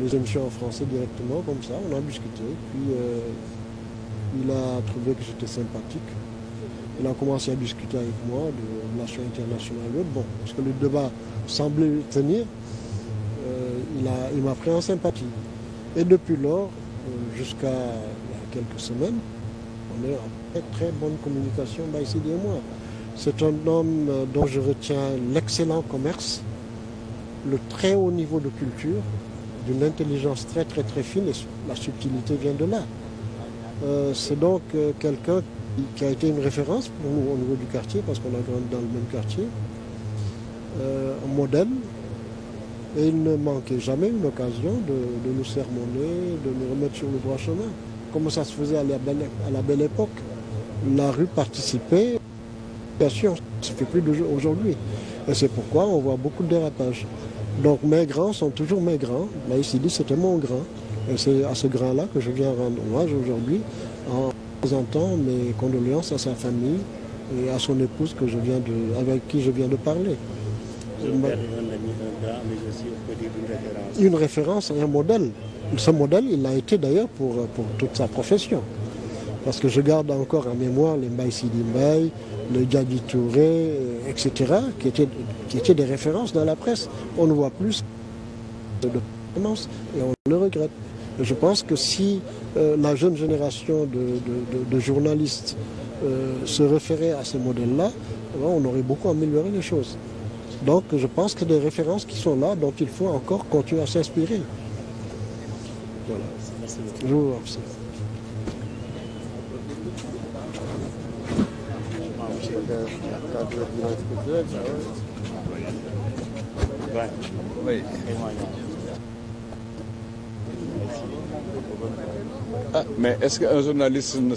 Nous sommes chers en français directement, comme ça, on a discuté. Puis euh, il a trouvé que j'étais sympathique. Il a commencé à discuter avec moi de relations internationales. Bon, parce que le débat semblait tenir, euh, il m'a pris en sympathie. Et depuis lors, euh, jusqu'à quelques semaines, on est moi. C'est un homme euh, dont je retiens l'excellent commerce, le très haut niveau de culture, d'une intelligence très très très fine et la subtilité vient de là. Euh, c'est donc euh, quelqu'un qui a été une référence pour nous au niveau du quartier parce qu'on a grandi dans le même quartier, euh, un modèle. Et il ne manquait jamais une occasion de, nous sermonner, de nous remettre sur le droit chemin, comme ça se faisait à la belle, époque. La rue participait, bien sûr, ça ne fait plus aujourd'hui. Et c'est pourquoi on voit beaucoup de dérapages. Donc mes grands son toujours mes grands. Là, ici, c'était mon grand. Et c'est à ce grand-là que je viens rendre aujourd'hui en présentant mes condoléances à sa famille et à son épouse que je viens de, avec qui je viens de parler. Une référence et un modèle. il a été d'ailleurs pour, pour toute sa profession. Parce que je garde encore en mémoire les Mbaï Sidimbaï, le Djadji Touré, etc., qui étaient, qui étaient des références dans la presse. On ne voit plus de performance et on le regrette. je pense que si euh, la jeune génération de, de, de, de journalistes euh, se référait à ces modèles-là, eh on aurait beaucoup amélioré les choses. Donc je pense que des références qui sont là, dont il faut encore continuer à s'inspirer. Voilà. Ah, mais est-ce qu'un journaliste Nous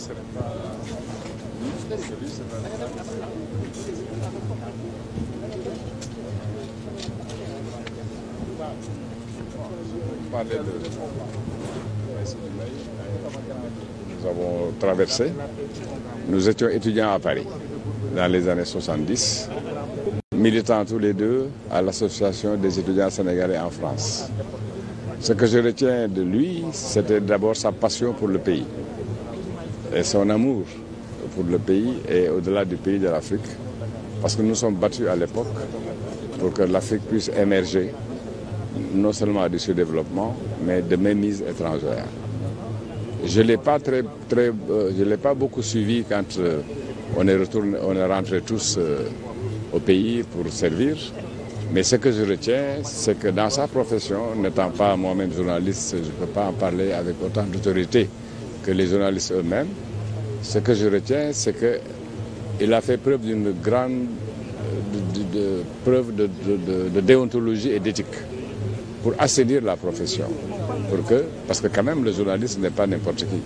avons traversé. Nous étions étudiants à Paris. dans les années 70, militants tous les deux à l'Association des étudiants sénégalais en France. Ce que je retiens de lui, c'était d'abord sa passion pour le pays et son amour pour le pays et au-delà du pays de l'Afrique, parce que nous sommes battus à l'époque pour que l'Afrique puisse émerger non seulement du sous-développement, mais de mainmise étrangère. Je ne l'ai pas, très, très, euh, je l'ai pas beaucoup suivi quand euh, on est retourné, on est rentré tous euh, au pays pour servir. Mais ce que je retiens, c'est que dans sa profession, n'étant pas moi-même journaliste, je ne peux pas en parler avec autant d'autorité que les journalistes eux-mêmes. Ce que je retiens, c'est qu'il a fait preuve d'une grande de, de, de, preuve de déontologie et d'éthique pour assainir la profession. Pour que, parce que quand même, le journaliste n'est pas n'importe qui.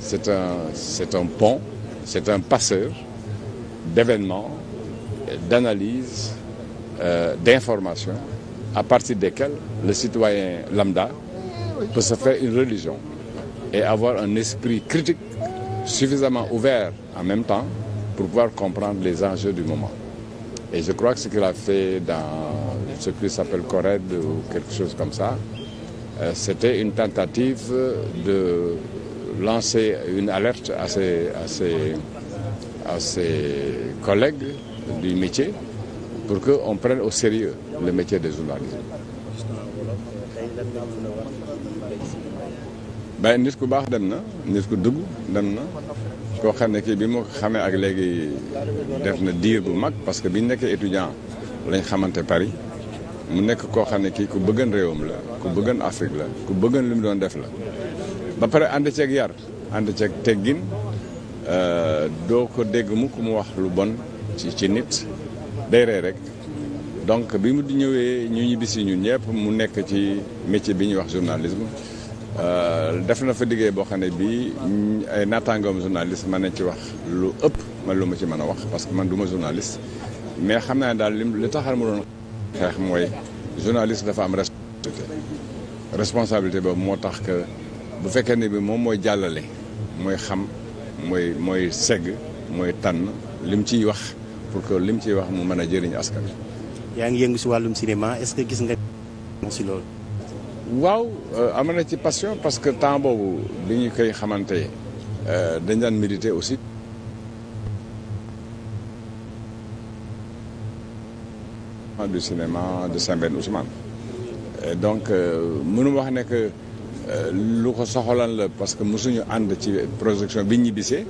C'est un, c'est un pont c'est un passeur d'événements, d'analyses, euh, d'informations, à partir desquelles le citoyen lambda peut se faire une religion et avoir un esprit critique suffisamment ouvert en même temps pour pouvoir comprendre les enjeux du moment. Et je crois que ce qu'il a fait dans ce qui s'appelle Corède ou quelque chose comme ça, euh, c'était une tentative de lancer une alerte à ses, à ses, à ses collègues du métier pour qu'on prenne au sérieux le métier de journalisme. ben nit ku baax dem na nit ku dugg dem na koo xam ne kii bi moo xamee ak léegi def na diir bu mag parce que bi ñu nekkee étudiant lañ xamante Paris mu nekk koo xam ne kii ku bëggan réewam la ku bëggan Afrique la ku bëggan li mu doon def la ba pare end ceeg yar ànd ceeg teggin euh, doo ko dégg mu ku mu wax lu bon ci ci nit day ree rek donc bi mu di ñëwee ñu ñibbisi ñun ñëpp mu nekk ci métier bi ñuy wax journalisme euh, def na fa liggéey boo xam ne bi ay naataangoom journaliste mën nañ ci wax lu ëpp man lu ma ci mën a wax parce que man du ma journaliste mais xam naa ne daal li li taxal mu doon xeex mooy journaliste dafa am responsabilité responsabilité boobu moo tax que bu fekkee ne bi moom mooy jàllale mooy xam mooy mooy segg mooy tànn lim ciy wax pour que lim ciy wax mu mën a jëriñ askan yaa ngi yëngu si wàllum cinéma est-ce que gis nga si loolu. waaw euh, am na ci passion parce que temps boobu li ñu koy xamante euh, dañ daan méditer aussi. du cinéma de Sembène Ousmane donc euh, mënu wax ne Euh, lu ko soxalan la parce que mu suñu ànd ci projection bi ñu ñibbisee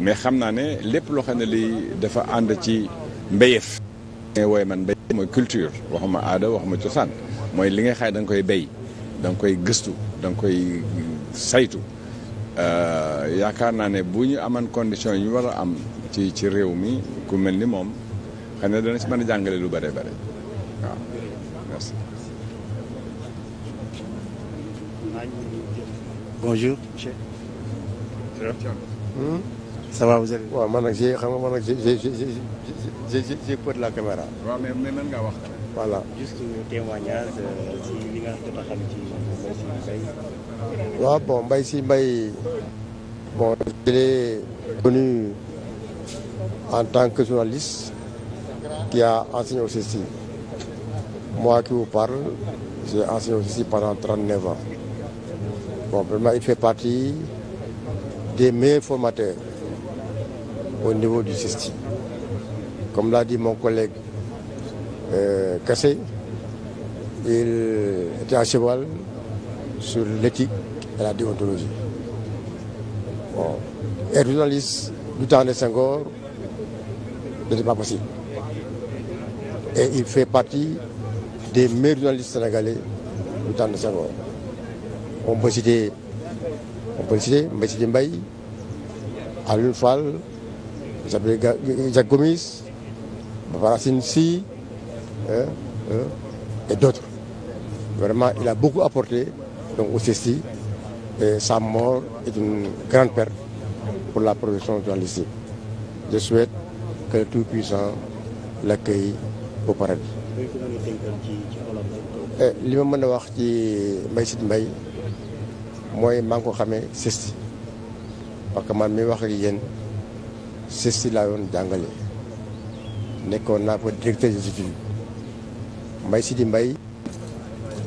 mais xam naa ne lépp loo xam ne lii dafa ànd ci mbéyeef. li wooye man mbéy mooy culture waxuma aada waxuma cosaan mooy li ngay xaay danga koy béy danga koy gëstu da nga koy saytu euh, yaakaar naa ne bu ñu aman condition yi ñu war a am ci ci réew mi ku mel ni moom xam ne dana si mën a jàngale lu bare bare waaw Bonjour. Monsieur. Hum? Ça va vous allez. waaw man nag j'ai xam nga man nag j'ai j'ai j'ai peur de la caméra. waaw mais mais mën ngaa wax. voilà juste témoignage si euh, li nga jot a xam ci Mbaye Sy Mbaye. waaw bon Mbaye Sy Mbaye bon je l'ai connu en tant que journaliste qui a enseigné au CESTI. moi qui vous parle j'ai enseigné au CESTI pendant 39 ans. Bon, vraiment, il fait partie des meilleurs formateurs au niveau du CESTI. Comme l'a dit mon collègue euh, Cassé, il était à cheval sur l'éthique et la déontologie. Bon. journaliste du temps de Senghor n'était pas possible. Et il fait partie des meilleurs journalistes sénégalais du temps de Senghor. on peut citer on peut citer Mbaye Mbaye Alioune Gomis Baba Racine Sy et d'autres vraiment il a beaucoup apporté donc au CESTI et sa mort est une grande perte pour la profession journalistique je souhaite que le tout au paradis eh, mën a wax ci Mbaye Sidi mooy maa ko xamee CESTI parce que man mi wax ak yéen CESTI laa yoon jàngale nekkoon naa ko directeur des mbay si Sidi mbay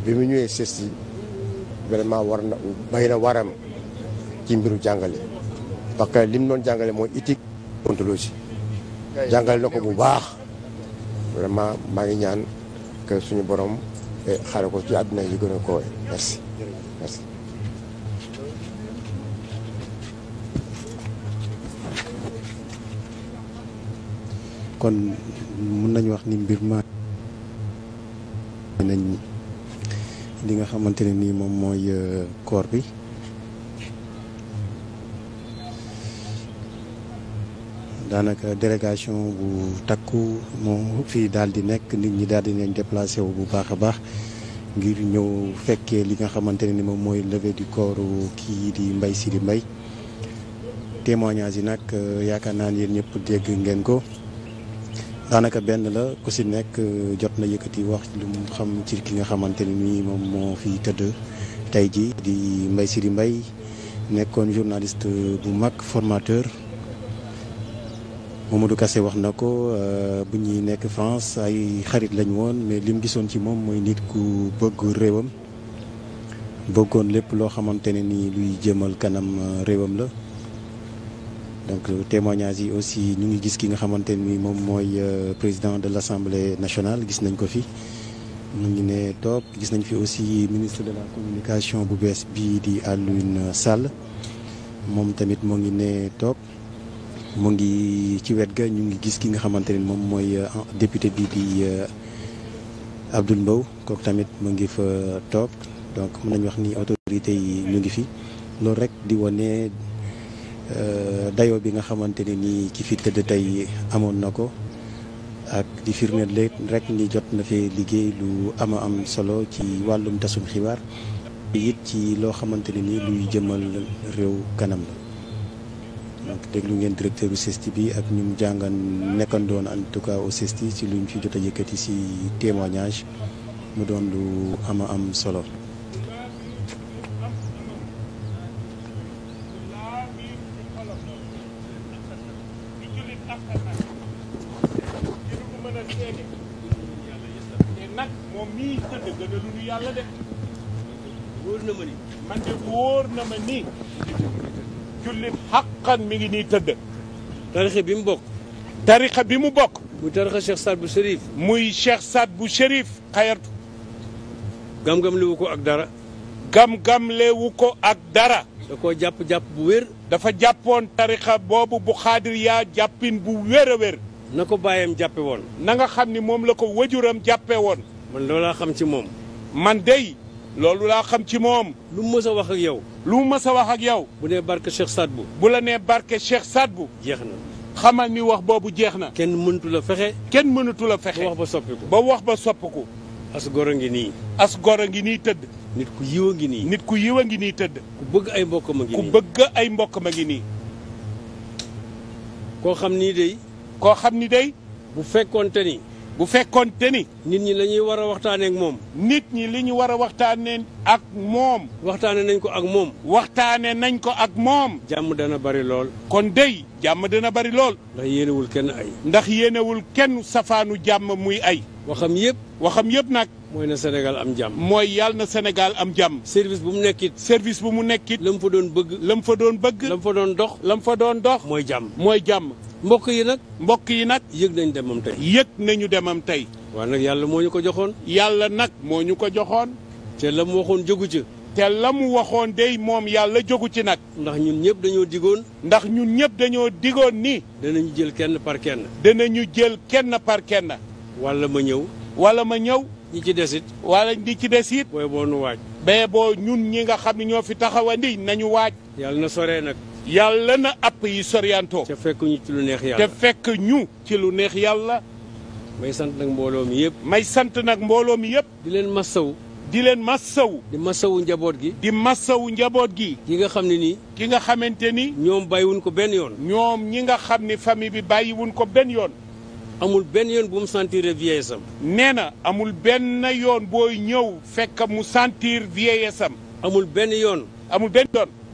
bi mu ñëwee CESTI vraiment war na bay na waram ci mbiru jàngale parce que li mu doon jàngale mooy éthique ontologie jàngale na ko bu baax vraiment maa ngi ñaan que suñu borom eh, xare ko ci àdduna yi gën a koowe kon mun nañu wax ni mbir ma nañ li nga xamante ne nii moom mooy corps euh, bi daanaka délégation bu takku moom fii daal di nekk nit ñi daal di nañ déplacé wu bu baax a baax ngir ñëw fekkee li nga xamante ne ni moom mooy levée di corps kii di Mbaye Sidy mbay témoignage yi nag euh, yaakaar naa ne yéen ñëpp dégg ngeen ko. daanaka benn la ku si nekk euh, jot na yëkkati wax lu mu xam ci ki nga xamante ni nii moom moo fi tëdd tey ji di Mbaye Sidy mbay nekkoon journaliste euh, bu mag formateur Mamadou kase wax na ko euh, bu ñuy nekk France ay xarit lañ woon mais li mu gisoon ci moom mooy nit ku bëgg réewam bëggoon lépp loo xamante ne nii luy jëmal kanam réewam la donc euh, témoignage yi aussi ñu ngi gis ki nga xamante ni moom mooy euh, président de l' assemblée nationale gis nañ ko fi mu ngi ne toog gis nañ fi aussi ministre de la communication bu bees bii di Alioune Sall moom tamit mu ngi ne toog mu ngi ci wet ga ñu ngi gis ki nga xamante ni moom mooy euh, député bi di Abdoul Mbow kooku tamit mu ngi fa toog donc mën nañ wax ni autorité yi ñu ngi fi loolu rek di wane. Euh, dayo bi nga xamante ne nii ci fi tëdd tey amoon na ko ak di firndeel rek ni jot na fee liggéey lu ama am solo ci wàllum tasum xibaar it ci loo xamante ne nii luy jëmal réew kanam la donc déglu ngeen directeur bu CESTI bi ak ñu mu jàngan nekkandoon en tout cas au CESTI ci luñ fi jot a yëkkati si témoignage mu doon lu ama am solo Bougane mi ngi nii tëdd. tarixa bi mu bokk. tarixa bi mu bokk. muy tarixa Cheikh Saad bu Chérif. muy Cheikh Saad bu Chérif xayatu. gam-gam lewu ko ak dara. gam-gam lewu ko ak dara. da koo jàpp jàpp bu wér. dafa jàppoon tarixa boobu bu xaadir yaa jàppin bu wér a wér. na ko bàyyam jàppe woon. na xam ni moom la ko wajuram jàppe woon. man loolaa xam ci moom. man dey loolu laa xam ci moom. lu mu mës a wax ak yow. lu mu mës a wax ak yow. bu nee barke Cheikh Sadbu. bu la nee barke Cheikh Sadbu. jeex na. xamal mi wax boobu jeex na. kenn mënutul la fexe. kenn mënatu a fexe. ba wax ba soppiku. ba wax ba soppiku. as gor a ngi nii. as gor a ngi nii tëdd. nit ku yiw ngi nii. nit ku yiw a ngi nii tëdd. ku bëgg ay mbokk ma ngi nii. ku bëgg ay mbokk ma ngi nii. koo xam nii day. koo xam ni day. bu fekkoonte ni. bu fekkoon te nit ñi la ñuy war a waxtaanee moom. nit ñi li ñu war a waxtaanee ak moom. waxtaanee nañ ko ak moom. waxtaanee nañ ko ak moom. jàmm dana bari lool. kon dey jàmm dina bari lool. ndax yéenewul kenn ay. ndax yéenewul kenn safaanu jàmm muy ay. waxam yëpp. waxam yëpp nag. mooy na Sénégal am jàmm. mooy yàlla na Sénégal am jàmm. service bu mu nekkit. service bu mu nekkit. la mu fa doon bëgg. la mu fa doon bëgg. la mu fa doon dox. la mu fa doon dox. mooy jàmm mooy jàmm. mbokk yi nag. mbokk yi nag. yëg nañ demam tey. yëg nañu demam tey. waa nag yàlla moo ñu ko joxoon. yàlla nag moo ñu ko joxoon. te la mu waxoon jógu ci. te la mu waxoon day moom yàlla jógu ci nag. ndax ñun ñëpp dañoo digoon. ndax ñun ñëpp dañoo diggoon ni. danañu jël kenn par kenn. ñu jël kenn par kenn. walla ma ñëw. wala ma ñëw. ñi ci desit walla wala ci des it. booy boo nu waaj. bee boo ñun ñi nga xam ne ñoo fi taxawandi nañu waaj. yàlla na soree nag. yàlla na app yi soriantoo. te fekk ñu ci lu neex yàlla. te fekk ñu ci lu neex yàlla. may sant nag mbooloo mi yëpp. may sant nag mbooloo mi yëpp. di leen masaw. di leen massawu. di massawu njaboot gi. di massawu njaboot gi. ki nga xam ne nii. ki nga xamante ni. ñoom bàyyiwuñ ko benn yoon. ñoom ñi nga xam ni famille bi bàyyiwuñ ko benn yoon. amul benn yoon bu mu sentir vieillesse nee na amul benn yoon booy ñëw fekk mu sentir vieillesse am. amul benn yoon. amul benn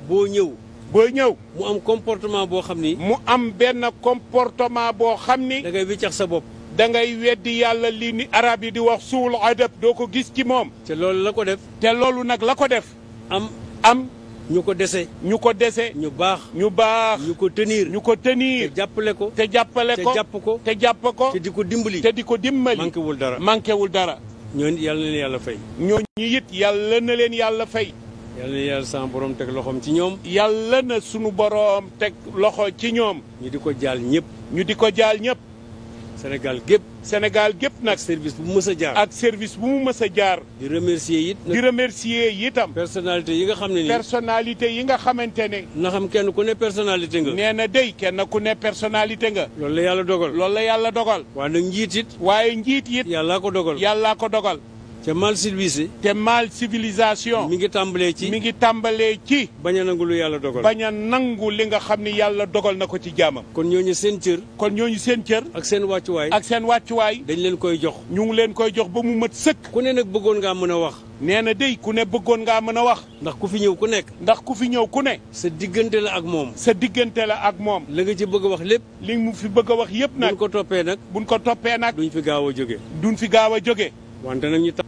boo ñëw. booy ñëw. mu am comportement boo xam ni. mu am benn comportement boo xam ni. da ngay wiccax sa bopp. da ngay weddi yàlla lii ni araab yi di wax suul adab doo ko gis ci moom. te loolu la ko def. te loolu nag la ko def. am am. ñu ko dese. ñu ko dese. ñu baax ñu baax. ñu ko tenir ñu ko tenir. te jàppale ko te jàppale jàpp ko. te jàpp ko di ko dimbali. te di ko dimbali manqué wul dara manqué wul dara. ñooñu yàlla na leen yàlla fay. ñooñu it yàlla na leen yàlla fay. yàlla na yàlla sama teg loxoom ci ñoom. yàlla na sunu borom teg loxo ci ñoom. ñu di ko jaal ñëpp. ñu di ko jaal ñëpp. Sénégal gépp Sénégal gépp nag service bu mu mës a jaar ak service bu mu mës a jaar di remercier it di remercier itam personnalité yi nga xam ne nii yi nga xamante ne na xam kenn ku ne personnalité nga nee na day kenn ku ne personnalité nga loolu la yàlla dogal loolu la yàlla dogal waa nag njiit it waaye njiit it yàllaa ko dogal yàllaa ko dogal te mal civilisé. te mal civilisation. mi ngi tàmbalee ci mi ngi tàmbalee ci. bañ a nangu lu yàlla dogal. bañ a nangu li nga xam ni yàlla dogal na ko ci jaamam. kon ñooñu seen cër. kon ñooñu seen cër. ak seen wàccuwaay. ak seen wàccuwaay. dañ leen koy jox. ñu leen koy jox ba mu mat sëkk. ku ne nag bëggoon ngaa mën a wax. nee na dey ku ne bëggoon ngaa mën a wax. ndax ku fi ñëw ku nekk. ndax ku fi ñëw ku ne. sa diggante la ak moom. sa diggante la ak moom. la nga ci bëgg wax lépp. li mu fi bëgg wax yëpp nag. buñ ko toppee nag. buñ ko toppee nag. duñ fi gaaw a jóge. duñ gaaw a jóge. wante nag ñu tax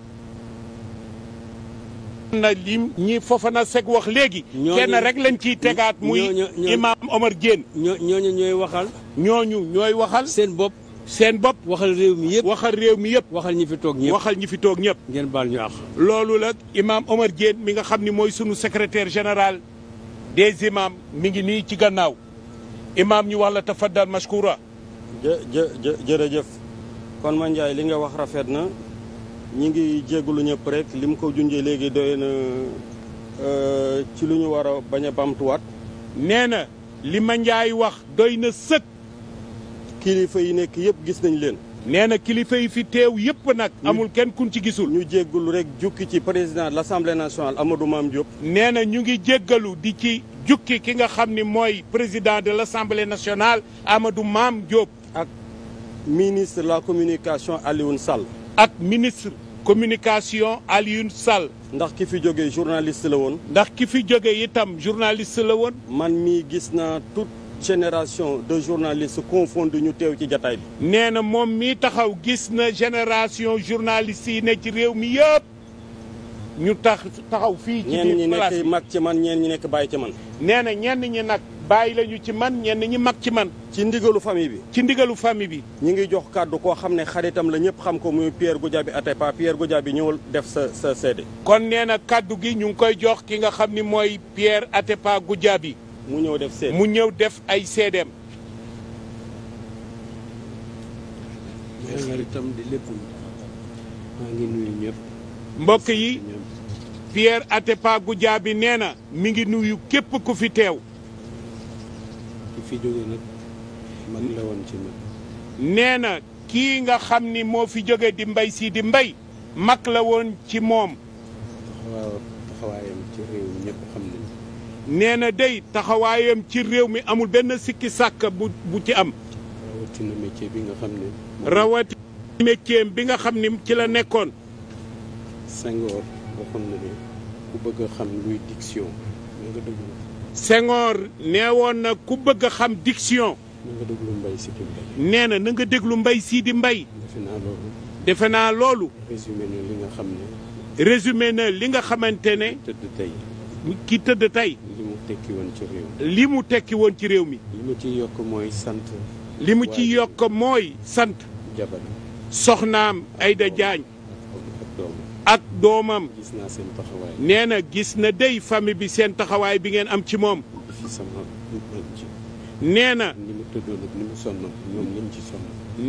na lim ñi Fofana Seck wax léegi kenn rek lañ ciy tegaat muy imam Omar Diène ñooñu ñooy waxal ñooñu ñooy waxal seen bopp seen bopp waxal réew mi yëpp waxal réew mi yëpp waxal ñi fi toog ñëpp waxal ñi fi toog ñëpp ngeen baal ñu àq loolu la imaam Omar Diène mi nga xam ni mooy sunu secretaire général des imams mi ngi nii ci gannaaw imam ñu wax la dal mashkoura jë jë jërëjëf kon ma Ndiaye li nga wax rafet na ñi ngi jégalu ñëpp rek li mu ko junjee léegi doy na euh, ci lu ñu war a bañ a bamtuwaat. nee na li ma njaay wax doy na sëkk. kilifa yi nekk yëpp gis nañ leen. nee na kilifa yi fi teew yëpp nag. amul kenn kuñ ci gisul. ñu jéggalu rek jukki ci président de l'Assemblée nationale Amadou maam Diop. nee na ñu ngi jéggalu di ci jukki ki nga xam ni mooy président de l'Assemblée nationale Amadou maam Diop. ak ministre la communication Alioune Sall. ak ministre communication Alioune Sall. ndax ki fi jógee journaliste la woon. ndax ki fi jóge itam journaliste la woon. man mii gis naa toute génération de journalistes confondu ñu teew ci jataay bi. nee na moom mii taxaw gis na génération journalistes yi ne ci réew mi yëpp ñu tax taxaw fii. ci biir place ñenn mag ci man ñeen ñi nekk bàyyi ci man. nee na ñenn ñi nag. bàyyi lañu ci man ñeen ñi mag ci man. ci ndigalu famille bi. ci ndigalu famille bi. ñu ngi jox kàddu koo xam ne xaritam la ñëpp xam ko muy Pierre Goudiaby Atepa Pierre Goudiaby ñëwal def sa sa seede. kon nee na kàddu gi ñu ngi koy jox ki nga xam ni mooy Pierre Atepa Goudiaby. mu ñëw def seede mu ñëw def ay seedeem. xaritam di lépp maa ngi nuyu ñëpp. mbokk nee na mi ngi nuyu képp ku fi teew. ki fi jóge nag mag la woon ci man. nee na kii nga xam ni moo fi jóge di mbay sii di mbay mag la woon ci moom. taxawaaw nee na dey taxawaayam ci réew mi amul benn sikki sàkk bu ci am. rawatina métier bi nga xam ni rawatina métier bi nga xam ni ci la nekkoon. Senghor waxoon Senghor nee woon na ku bëgg a xam diction. nee na na nga déglu sii di mbay defe naa loolu. résumé na li nga xam ne. résumé na li nga xamante ne. tëdd ki tëdd tey. li mu tekki woon ci réew mi. li mu tekki woon ci réew mi. li mu ciy yokk mooy sant. li mu ciy yokk mooy sant. jabaram soxnaam Aïda Diagne. ak doomam. nee na gis na dey famille bi seen taxawaay bi ngeen am ci moom. nee na.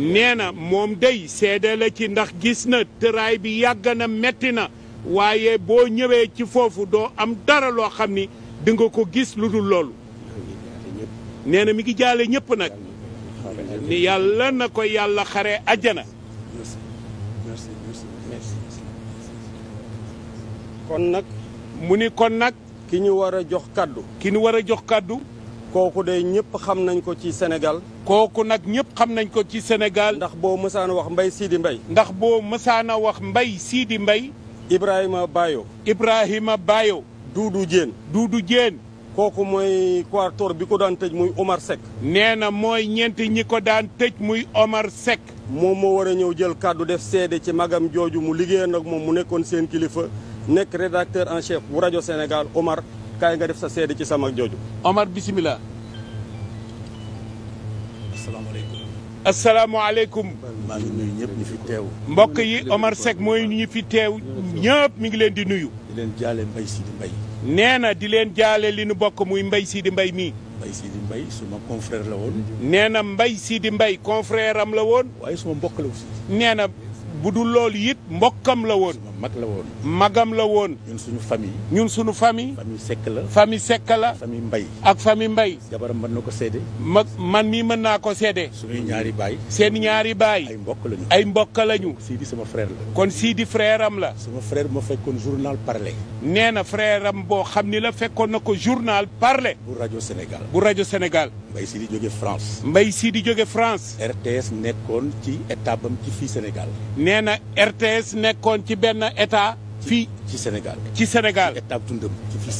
nee na moom dey seede la ci ndax gis na tëraay bi yàgg na metti na waaye boo ñëwee ci foofu doo am dara loo xam ni dinga ko gis lu dul loolu. nee na mi ngi jaale ñépp nag. ni yàlla na ko yàlla xare ajjana kon nag mu ni kon nag ki ñu war a jox kàddu ki ñu war a jox kàddu kooku de ñëpp xam nañ ko ci Sénégal kooku nag ñëpp xam nañ ko ci Sénégal ndax boo mësaan a wax mbay siidi mbay ndax boo mësaan a wax mbay siidi mbay Ibrahima Bayo Ibrahima Bayo Doudou Diène Doudou Diène kooku mooy quartor bi ko daan tëj muy Omar Seck nee na mooy ñeent ñi ko daan tëj muy Omar Seck moom moo war a ñëw jël kàddu def seede ci magam jooju mu liggéeyan ak moom mu nekkoon seen kilifa nekk rédacteur en chef bu rajo Sénégal Omar kaay nga def sa seede ci sama jooju. Omar bisimilah. asalaamaaleykum. asalaamaaleykum. maa ngi nuyu ñëpp ñu teew. mbokk yi Omar Seck mooy ñu fi teew ñëpp mi ngi leen di nuyu. di leen jaale Mbaye Sidi Mbaye. nee na di leen jaale li nu bokk muy Mbaye Sidi Mbaye mii. Mbaye Sidi suma confrère la woon. nee na Mbaye Sidi Mbaye confrère am la woon. waaye suma mbokk la aussi. bu dul loolu it mbokkam la woon. mag la woon. magam la woon. ñun suñu famille. ñun suñu famille. famille Seck la. famille sekk la. famille Mbay. ak famille Mbay. jabaram mën na ko seede. ma man mii mën naa ko seede. suñuy ñaari baay. seen ñaari baay. ay mbokk lañu. ay mbokk lañu. Sidi sama frère la. kon Sidi frère am la. sama frère ma fekkoon journal parler. nee na frère boo xam ni la fekkoon na ko journal parler. bu rajo Sénégal. bu rajo Sénégal. Mbay Sidi jóge France. Mbay Sidi jóge France. RTS nekkoon ci état bam ci fii Sénégal. nee na RTS nekkoon ci benn état fi ci Sénégal ci Sénégal. ci état bu dundam ci fii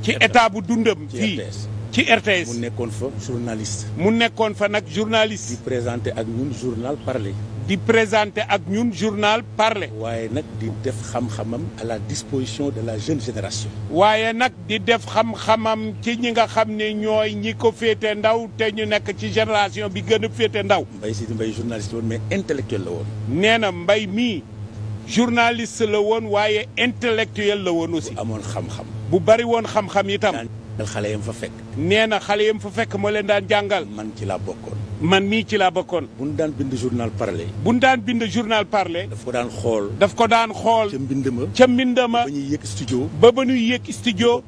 ci état bu dundam fii ci RTS. mu nekkoon fa journaliste. mu nekkoon fa nag journaliste. di présenté ak ñun journal parlé. di présenter ak ñun journal parle waaye nag di def xam-xamam à la disposition de la jeune génération. waaye nag di def xam-xamam ci ñi nga xam ne ñooy ñi ko féete ndaw te ñu nekk ci génération bi gën a féete ndaw. Mbaye Sidi mbay journaliste la woon mais intellectuel la woon. nee na Mbaye mii journaliste la woon waaye intellectuel la woon aussi. amoon xam-xam. bu bari woon xam-xam itam. dal xale yam fa fekk. nee na xale yam fa fekk moo leen daan jàngal. man ci laa bokkoon. man mii ci laa bokkoon. bu ñu daan bind journal parler. bu ñu daan bind journal parler. daf ko daan xool. daf ko daan xool. ca mbind ma ca mbind ma. ba ñuy yëg studio. ba ba ñuy yëg studio.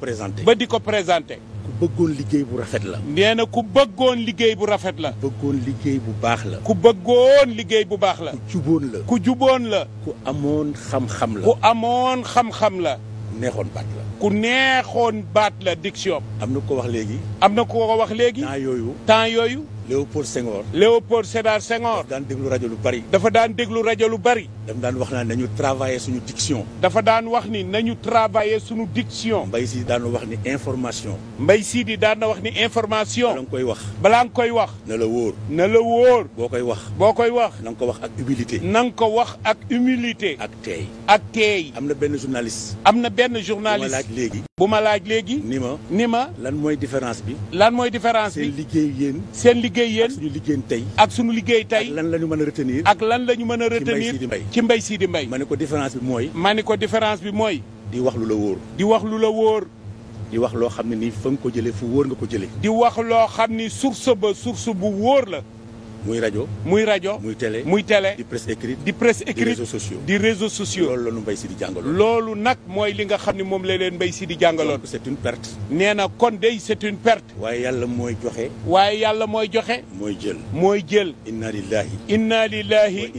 ba di ko présenté. ku bëggoon liggéey bu rafet la. nee ku bëggoon liggéey bu rafet la. ku bëggoon liggéey bu baax la. ku bëggoon liggéey bu baax la. ku juboon la. ku juboon la. ku amoon xam-xam la. ku amoon xam la. neexoon baat la. ku neexoon baat la diction am na ko wax léegi am na ko wax léegi temps yooyu temps yooyu Léopold Senghor. Léopold Sédar Senghor. dafa daan déglu rajo lu bari. dafa daan déglu rajo lu bari. dafa daan wax naa nañu travailler suñu diction. dafa daan wax ni nañu travailler suñu diction. mbay si daan wax ni information. mbay si di daan na wax ni information. balaa nga koy wax. balaa nga koy wax. na la wóor. na la wóor. boo koy wax. boo koy wax. na nga ko wax ak humilité. na nga ko wax ak humilité. ak teey. ak teey. am na benn journaliste. am na benn journaliste bu ma laaj léegi. bu ma laaj léegi. ni ma ni ma. lan mooy différence bi. lan mooy différence bi seen liggéey yéen. seen liggéey. liggéey yéen suñu liggéey tey ak suñu liggéey tey lan la ñu mën a retenir ak lan la ñu mën a retenir ci sii Sidi Mbaye ma ne ko différence bi mooy ma ne ko différence bi mooy di wax lu la wóor di wax lu la wóor di wax loo xam ne nii fa nga ko jëlee fu wóor nga ko jëlee di wax loo xam ni source ba source bu wóor la muy rajo muy rajo. muy télé muy télé. di presse écrite di presse écrite. di réseaux sociaux di réseaux sociaux. loolu la Mbaye loolu nag mooy li nga xam ne moom la mbay Mbaye di jàngaloon. c'est une perte. nee na kon dey c'est une perte. waaye yàlla mooy joxe. waaye yàlla mooy joxe. mooy jël mooy jël. inna lillahi. inna lillahi.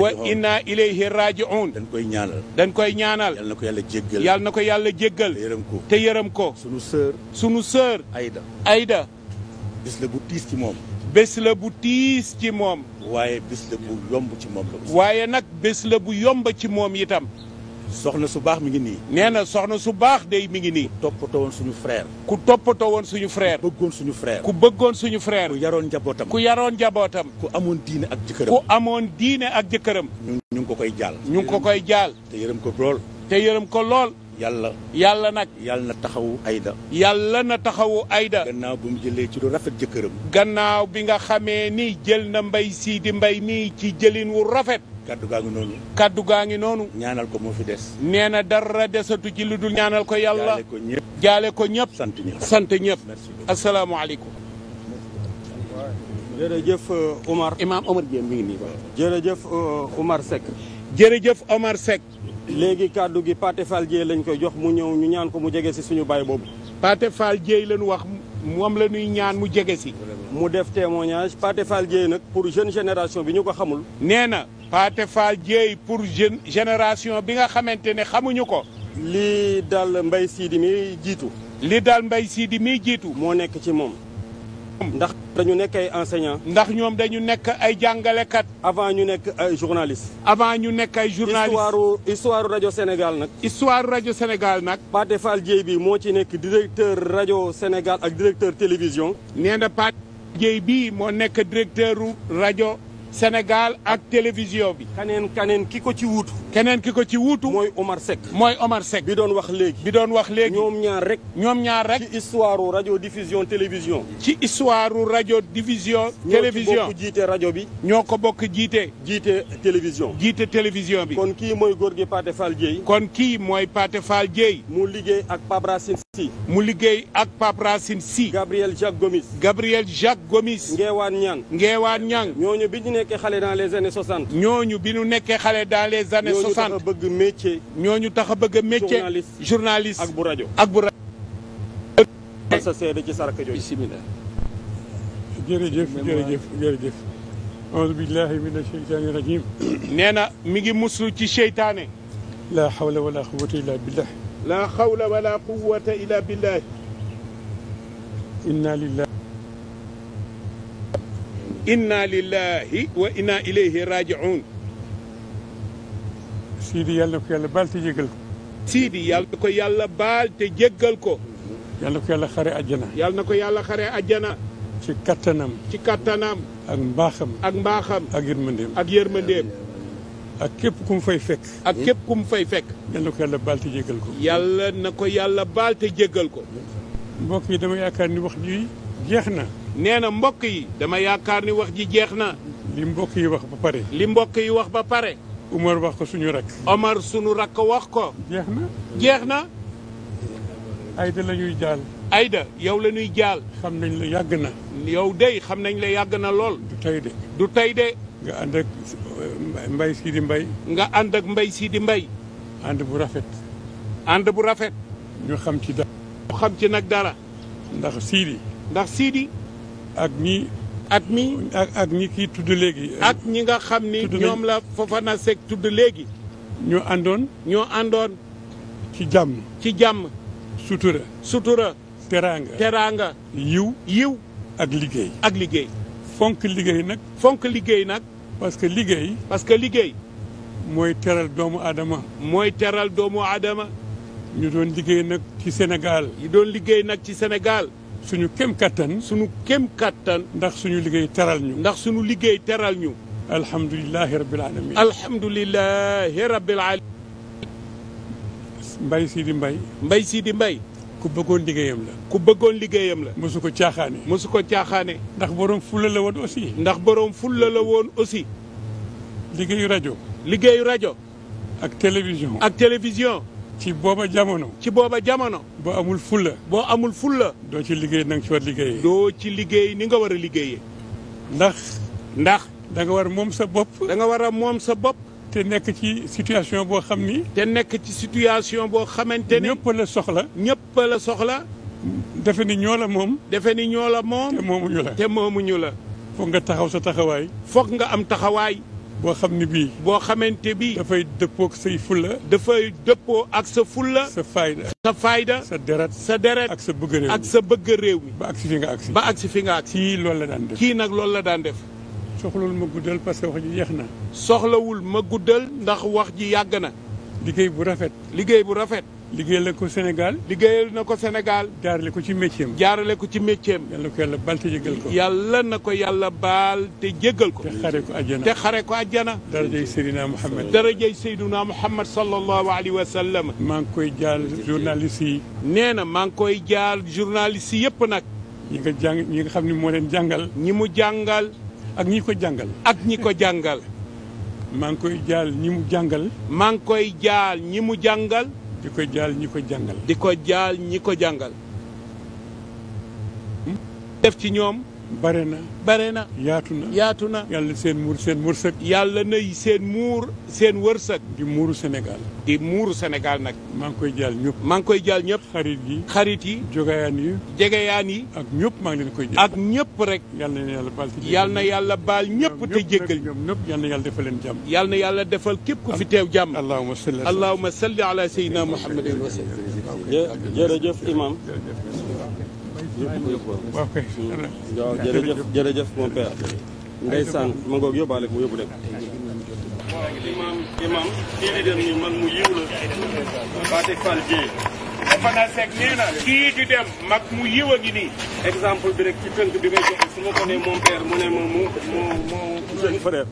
wa inna ilayhi on dañ koy ñaanal. dañ koy ñaanal. yàlla na ko yàlla jéggal. yàlla na ko yàlla jéggal. te yërëm ko te yërëm ko. sunu sœur. sunu sœur. Aïda. ayda bis la bu tiis ci moom. bés la bu tiis ci moom. waaye bés la bu yomb ci moom la. waaye nag bés la bu yomb ci moom itam. soxna su baax mi ngi nii. nee na soxna su baax day mi ngi nii. ku toppatoo woon suñu frère. ku toppatoo woon suñu frère. ku bëggoon suñu frère. ku bëggoon suñu frère. ku yaroon njabootam. ku yaroon njabootam. ku amoon diine ak jëkkëram. ku amoon diine ak jëkkëram. ñu ngi ko koy jaal. ñu ngi ko koy jaal. te yërëm ko lool. te yërëm ko lool. yàlla yàlla nag yàlla na taxawu ayda yàlla na taxawu Aida gannaaw bi mu jëlee ci lu rafet jëkkëram gannaaw bi nga xamee ni jël na mbay sii di mbay mii ci jëlin wu rafet kaddu gaa ngi noonu kaddu gaa ngi noonu ñaanal ko moo fi des nee na dara desatu ci lu dul ñaanal ko yàlla jaale ko ñëpp jaale ko ñëpp sant ñëpp sant ñëpp asalaamaaleykum jërëjëf euh, Omar imaam Omar Dieng mi ngi nii jërëjëf euh, Omar Seck jërëjëf Omar Seck. léegi kàddu gi Pathé Fall Dieye lañ koy jox mu ñëw ñu ñaan ko mu jege si suñu baay boobu. Pathé Fall Dieye lañu wax moom la ñuy ñaan mu jege si. mu def témoignage Pathé Fall Dieye nag pour jeune génération bi ñu ko xamul. nee na Pathé Fall Dieye pour jeune génération bi nga xamante ne xamuñu ko. lii dal Mbaye Sidi mi jiitu. li dal Mbaye Sidi mi jiitu. moo nekk ci moom. ndax dañu nekk ay enseignants. ndax ñoom dañu nekk ay jàngalekat. avant ñu nekk ay journalistes. avant ñu nekk ay journalistes. histoire histoire rajo Sénégal nag. histoire rajo Sénégal nag. Pathé Fall Dieye bi moo ci nekk directeur rajo Sénégal ak directeur télévision. nee na Pathé Dieye bii moo nekk directeur rajo. Sénégal ak télévision bi. kaneen kaneen ki ko ci wuutu. keneen ki ko ci wuutu. mooy Omar Seck. mooy Omar Seck. bi doon wax léegi. bi doon wax léegi ñoom ñaar rek. ñoom ñaar rek ci histoire u radio diffusion télévision. ci histoire u radio diffusion. télévision ñoo ko bokk jiite rajo bi. ñoo ko bokk jiite. jiite télévision. jiite télévision bi. kon kii mooy góor gi Pathé Fall Dieye. kon kii mooy Pathé Fall Dieye. mu liggéey ak Pape Racine mu liggéey ak Pape Racine Sy. Gabriel Jacques Gomis. Gabriel Jacques Gomis. Ngeewaan Niang. Ngeewaan Niang. nekkee xale dans les années 60. ñooñu bi ñu nekkee xale dans les années 60 ñooñu tax a bëgg métier. ñooñu tax a bëgg métier journaliste journaliste ak bu rajo ak bu rajo. sa seede ci saraka jooju bisimilah. jërëjëf jërëjëf jërëjëf. aoudu billahi mina sheytaani rajim. nee na mi ngi muslu ci seytaane. la hawla wala quwwata illa billah. la hawla wala quwwata illa billah. inna lillahi. inna lillahi wa inna ilayhi raji'un siidi yàlla na ko yàlla baal te jéggal ko siidi yàlla na ko yàlla xare ajjana ci kattanam ci kattanam ak mbaaxam ak mbaaxam ak yërmandeem ak yërmandeem ak képp ku mu fay fekk képp ku fay fekk yàlla na ko yàlla baal te jéggal ko yàlla na ko yàlla baal dama yaakaar ni wax ji jeex na nee na mbokk yi dama yaakaar ni wax ji jeex na li mbokk yi wax ba pare li mbokk yi wax ba pare Omar wax ko suñu rakk Omar suñu rakk wax ko jeex na jeex na ayda lañuy ñuy jaal Aïda yow la ñuy jaal xam nañ la yàgg na yow dey xam nañ la yàgg na lool du tey de du tey de nga ànd ak euh, Mbaye Sidi Mbaye nga ànd ak sii di mbay ànd bu rafet ànd bu rafet ñu xam ci dara ñu xam ci nag dara ndax Sidi ndax Sidi ak ñi. ak mi ak kii tudd léegi. ak ñi nga xam ni ñoom la Fofana Seck tudd léegi. ñoo àndoon. ñoo àndoon. ci jàmm. ci jàmm. sutura. sutura. teraanga. teraanga. yiw. yiw. ak liggéey. ak liggéey. fonk liggéey nag. fonk liggéey nag. parce que liggéey. parce que liggéey. mooy teral doomu aadama. mooy teral doomu aadama. ñu doon liggéey nag ci Sénégal. ñu doon liggéey nag ci Sénégal. suñu kem kattan. suñu kem kattan. ndax suñu liggéey teral ñu. ndax suñu liggéey teral ñu. alhamdulilahi rabil alamin. alhamdulilahi rabil alamin. Mbaye Sidi mbay Mbaye di mbay ku bëggoon liggéeyam la. ku bëggoon liggéeyam la. mosu ko caaxaane. mosu ko caaxaane. ndax borom fulla la woon aussi. ndax borom fulla la woon aussi. liggéeyu rajo. liggéeyu rajo. ak télévision. ak télévision. ci booba jamono. ci booba jamono. boo amul fulla. boo amul fulla. doo ci liggéey nang ci war liggéeyee. doo ci liggéey ni nga war a liggéeyee. ndax. ndax danga war moom sa bopp. da nga war a moom sa bopp. te nekk ci situation boo xam ni. te nekk ci situation boo xamante ne. ñëpp la soxla. ñëpp la soxla. defe ni ñoo la moom. defe ni ñoo la moom. te moomuñu la te nga taxaw sa taxawaay. foog nga am taxawaay. boo xam ne bii. boo xamante bi dafay dëppoo ak say fulla. dafay dëppoo ak sa fulla. sa fayda sa fayda. sa deret sa deret. ak sa bëgg réew mi ak sa bëgg réew mi. ba agsi fi nga agsi. ba agsi fi nga agsi. kii loolu la daan def kii nag loolu la daan def. soxlawul ma guddal parce que wax ji jeex na. soxlawul ma guddal ndax wax ji yàgg na. liggéey bu rafet. liggéey bu rafet. liggéeyal na ko Sénégal. na ko Sénégal. jaarale ko ci métier jaarale ko ci métier am. yàlla na ko yàlla baal te jégal ko. na ko yàlla baal te jégal ko. te xare ko àjjana. te xare ko àjjana. darajay Seydina Mouhamed. darajay Seydina Mouhamed sallallahu alayhi wa sallam. maa ngi koy jaal journaliste yi. nee na maa ngi koy jaal journaliste yëpp nag. ñi nga jàng ñi nga xam ni moo leen jàngal. ñi mu jàngal. ak ñi ko jàngal. ak ñi ko jàngal. maa ngi koy jaal ñi mu jàngal. maa ngi koy jaal ñi mu jàngal. di ko jaal ñi ko jàngal. di ko jaal ñi ko jàngal. Hmm? def ci ñoom. bare na bare na yaatu yaatu na yàlla seen muur seen wërsëg yàlla nay sen muur seen wërsëg di muuru senegal di muuru senegal nag maa ngi koy jaal ñëpp maa ngi koy jaal ñëpp xarit yi xarit yi jogayaan yi jegeyaan yi ak ñëpp maa ngi koy jaal ak ñëpp rek yàlla na yàlla baal yàlla na yàlla baal ñëpp te jéggal ñoom ñëpp yàlla na yàlla defal leen jàmm yàlla na yàlla defal képp ku fi teew jàmm allahumma salli allahumma salli ala sayyidina muhammadin wa sallam jërëjëf imam waaw kay waaw jërëjëf jërëjëf mon père. ma ngoog yóbbaale ko yóbbu leen. imam imam kii man mu yiw la. Fatick Fall Dieng. dafa na mu yiw a ngi nii. exemple bi rek bi ngay joxe su ma ko nee mon mu ne ma mu mu mu. seen frère.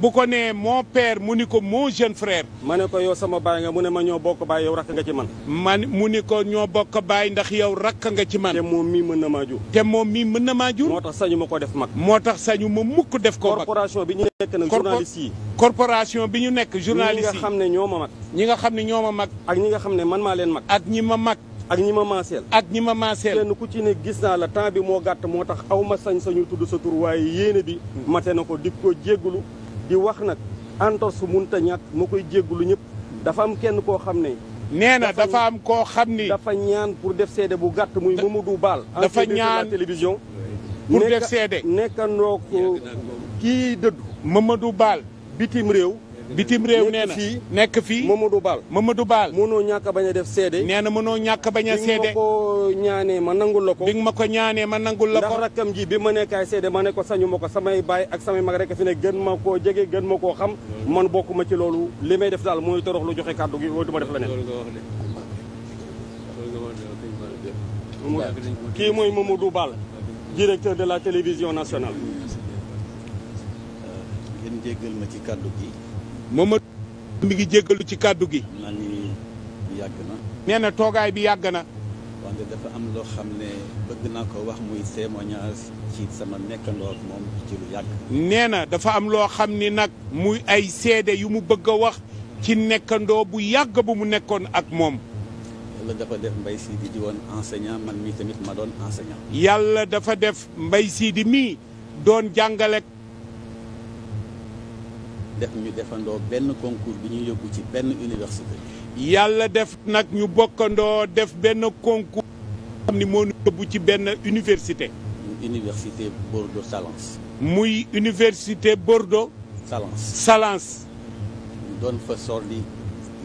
bu ko nee mon père mu ni ko moo jeune frère. ma ne ko yow sama baay nga mu ne ma ñoo bokk baay yow rakk nga ci man. man mu ni ko ñoo bokk baay ndax yow rakk nga ci man. te moom mii mën na maa jur. te moom mi mën na maa jur. moo tax sañu ma ko def mag. moo tax sañu ma mukk def ko mag. corporation bi ñu nekk nag journaliste yi. corporation bi ñu nekk journaliste yi ñi nga xam ne ñoo ma mag. ñi nga xam ne ñoo ma mag. ak ñi nga xam ne man maa leen mag. ak ñi ma mag. ak ñi ma maaseel ak ñi ma maaseel kenn ku ci ne gis naa la temps bi moo gàtt moo tax aw sañ sañu tudd sa tur waaye yéene bi mate na ko di ko jéggulu di wax nag entorse munta ñàkk moo koy lu ñëpp dafa am kenn koo xam ne nee na dafa am koo xam ni dafa ñaan pour def seede bu gàtt muy Mamadou Baal dafa ñaan télévision pour def seede nekkandook kii dëddu Mamadou Baal bitim réew bitim réew nee na nekk fii Mamadou Baal Mamadou Baal mënoo ñàkk a bañ def seede nee na mënoo ñàkk a bañ a seede bi nga ma ko ñaanee ma nangul la ko ma ko ñaanee ma nangul la ko ndax rakkam ji bi ma nekkaay seede ma ne ko sañu ma ko samay baay ak samay mag rek fi ne gën ma koo jege gën ma koo xam man bokk ma ci loolu li may def daal mooy torox lu joxe kàddu gi loolu du ma def la ne kii mooy Mamadou Ball directeur de la télévision nationale. ngeen ma ci kàddu gi. Mamadou mi ngi jéggalu ci kàddu gi. man yàgg nee na toogaay bi yàgg na. wante dafa am loo xam ne bëgg naa ko wax muy témoignage ci sama nekkandoo ak moom ci lu yàgg. nee dafa am loo xam ni nag muy ay seede yu mu bëgg a wax ci nekkandoo bu yàgg bu mu nekkoon ak moom. yàlla dafa def mbay si di woon enseignant man mii tamit ma doon enseignant. yàlla dafa def mbay siidi di mii doon jàngale def ñu defandoo benn concours bi ñu yóbbu ci benn université. yàlla def nag ñu bokkandoo def benn concours. xam ni moo ñu yóbbu ci benn université. université Bordeaux Salance. muy université Bordeaux. Salance salence ñu doon fa sordi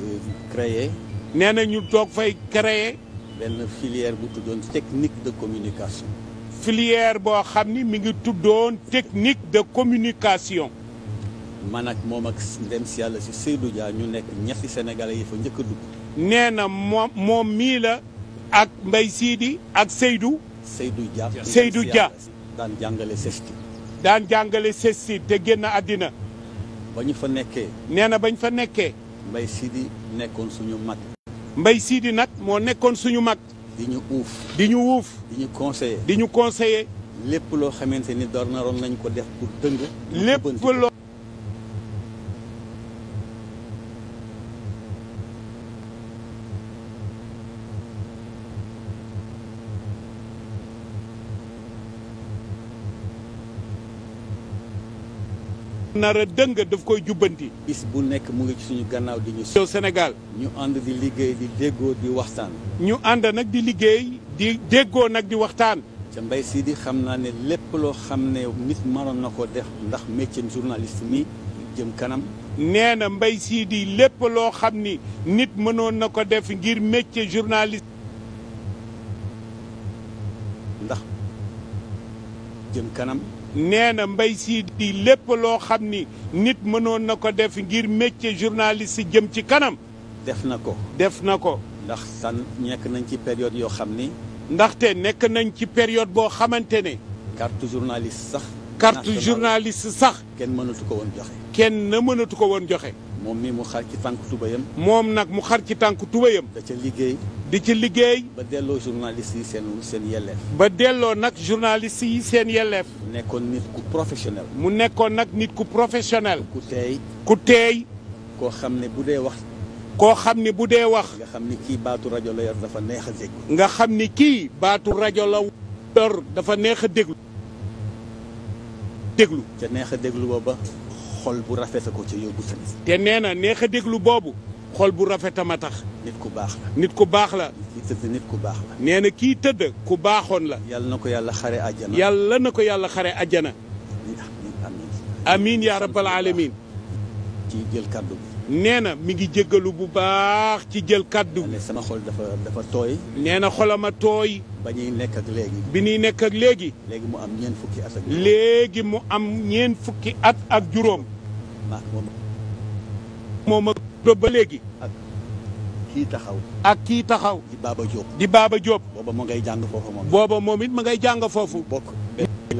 euh, créer. nee na ñu toog fay créer. benn filière bu tuddoon technique de communication. filière boo xam ni mi ngi tuddoon technique de communication. man ak moom ak ndem si yàlla si Seydou Dia ñu nekk ñetti sénégalais yi fa njëkk a dugg. nee na moom moom la ak mbay Sidi ak Seydou. Seydou Dia Seydou Dia daan jàngale CESTI. daan jàngale CESTI te génn àddina. ba ñu fa nekkee. nee na ba ñu fa nekkee. mbay siidi nekkoon suñu mag. mbay siidi nag moo nekkoon suñu mag. di ñu uuf. di ñu uuf. di ñu conseiller. di ñu conseiller. lépp loo xamante ni door naroon nañ ko def pour dëng. lépp nara dëng daf koy jubbanti. bis bu nekk mu ngi ci suñu gannaaw di ñu. yow Sénégal. ñu ànd di liggéey di déggoo di waxtaan. ñu ànd nag di liggéey di déggoo nag di waxtaan. te Mbaye Sidi xam naa ne lépp loo xam ne nit mënoon na ko def ndax métier journaliste mi jëm kanam. nee na Mbaye Sidi lépp loo xam ni nit mënoon na ko def ngir métier jurnalist ndax jëm kanam. nee na Mbaye Sy di lépp loo xam ni nit mënoon na ko def ngir métier journaliste jëm ci kanam. def na ko. def na ko. ndax san nekk nañ ci période yoo xam ni. ndaxte nekk nañ ci période boo xamante ne. carte journaliste sax. carte journaliste sax. kenn mënatu ko woon joxe. kenn mënatu ko woon joxe. moom mii mu xar ci tànk tubayam. moom nag mu xar ci tànk tubayam. da ca liggéey. di ci liggéey. ba delloo journaliste yi seen seen yelleef. ba delloo nag journaliste yi seen yelleef. mu nekkoon nit ku professionel mu nekkoon nag nit ku professionnel. ku teey. ku koo xam ne bu dee wax. koo xam ne bu dee wax. nga xam ni kii baatu rajo la yor dafa neex a déglu. nga xam ni kii baatu rajo la yor dafa neex a déglu. déglu. ca neex a déglu booba. xol bu rafet ko ca yóbbu tamit. te nee na neex a déglu boobu xol bu rafet a ma tax. nit ku baax la nit ku baax la. kii tëdd ku baax nee na kii tëdd ku baaxoon la. yàlla na ko yàlla xare àjjana. yàlla na ko yàlla xare ajana amiin yaa rabbal aalamiin. ci jël kàddu bi. nee na mi ngi jéggalu bu baax ci jël kàddu bi. sama xol dafa dafa tooy. nee na xolam a tooy. ba ñuy nekk ak léegi. bi ñuy nekk ak léegi. léegi mu am ñeent fukki at ak am ñeent fukki at ak juróom. moom ak ba léegi. ak kii taxaw. ak kii taxaw. di Baba Diop. di Baba Diop. booba moo ngay jàng foofu moom. booba moom it ma ngay jàng foofu. bokk benn